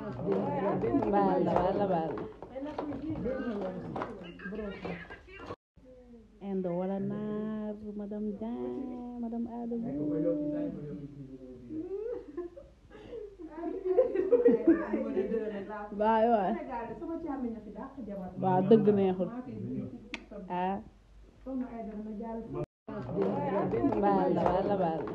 baal la baal la baal la indo wala naar madame Diagne madame Ada baay waay waaw dëgg neexul ah baal la baal la baal la